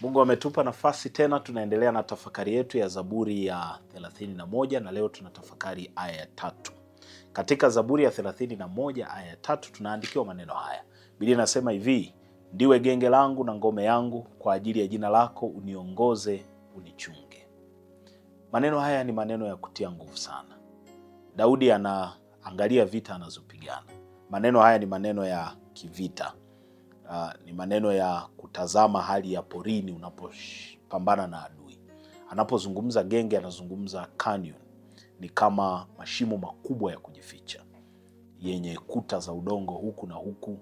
Mungu ametupa nafasi tena, tunaendelea na tafakari yetu ya Zaburi ya 31 na leo tunatafakari aya ya tatu. Katika Zaburi ya 31 aya ya tatu tunaandikiwa maneno haya. Biblia inasema hivi: ndiwe genge langu na ngome yangu, kwa ajili ya jina lako uniongoze, unichunge. Maneno haya ni maneno ya kutia nguvu sana. Daudi anaangalia vita anazopigana. Maneno haya ni maneno ya kivita. Uh, ni maneno ya kutazama hali ya porini unapopambana na adui. Anapozungumza genge, anazungumza canyon. Ni kama mashimo makubwa ya kujificha yenye kuta za udongo huku na huku,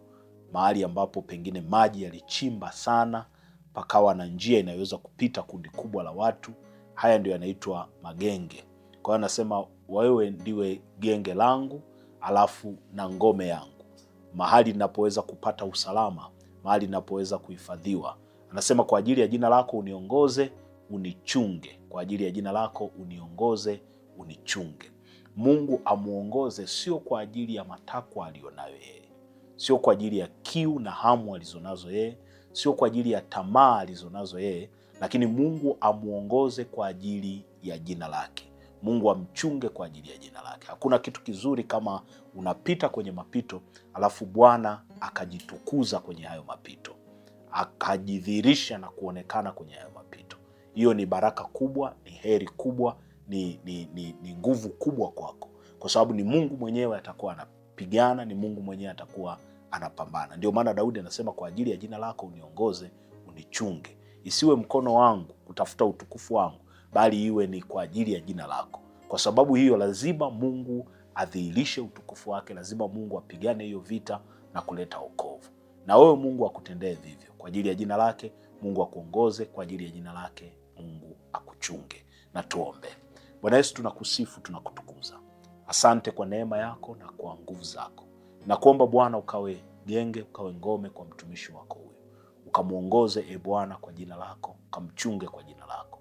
mahali ambapo pengine maji yalichimba sana pakawa na njia inayoweza kupita kundi kubwa la watu. Haya ndio yanaitwa magenge. Kwa hiyo anasema wewe ndiwe genge langu, alafu na ngome yangu mahali ninapoweza kupata usalama, mahali ninapoweza kuhifadhiwa. Anasema, kwa ajili ya jina lako uniongoze, unichunge. Kwa ajili ya jina lako uniongoze, unichunge. Mungu amuongoze, sio kwa ajili ya matakwa aliyonayo yeye, sio kwa ajili ya kiu na hamu alizonazo yeye, sio kwa ajili ya tamaa alizonazo yeye, lakini Mungu amuongoze kwa ajili ya jina lake. Mungu amchunge kwa ajili ya jina lake. Hakuna kitu kizuri kama unapita kwenye mapito alafu Bwana akajitukuza kwenye hayo mapito, akajidhihirisha na kuonekana kwenye hayo mapito. Hiyo ni baraka kubwa, ni heri kubwa, ni, ni, ni, ni nguvu kubwa kwako, kwa sababu ni Mungu mwenyewe atakuwa anapigana, ni Mungu mwenyewe atakuwa anapambana. Ndio maana Daudi anasema kwa ajili ya jina lako uniongoze, unichunge, isiwe mkono wangu kutafuta utukufu wangu bali iwe ni kwa ajili ya jina lako. Kwa sababu hiyo, lazima Mungu adhihirishe utukufu wake, lazima Mungu apigane hiyo vita na kuleta wokovu. Na wewe Mungu akutendee vivyo kwa ajili ya jina lake. Mungu akuongoze kwa ajili ya jina lake. Mungu akuchunge. Na tuombe. Bwana Yesu, tunakusifu, tunakutukuza. Asante kwa neema yako na kwa nguvu zako, Nakuomba Bwana ukawe genge, ukawe ngome kwa mtumishi wako huyu, ukamwongoze e Bwana kwa jina lako, ukamchunge kwa jina lako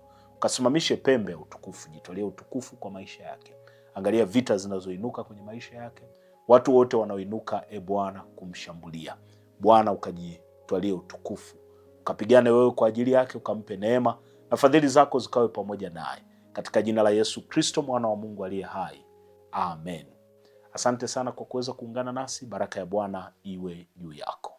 kasimamishe pembe ya utukufu, jitolee utukufu kwa maisha yake. Angalia vita zinazoinuka kwenye maisha yake, watu wote wanaoinuka, e Bwana, kumshambulia Bwana, ukajitwalie utukufu, ukapigane wewe kwa ajili yake, ukampe neema na fadhili zako zikawe pamoja naye, katika jina la Yesu Kristo, mwana wa Mungu aliye hai, amen. Asante sana kwa kuweza kuungana nasi. Baraka ya Bwana iwe juu yako.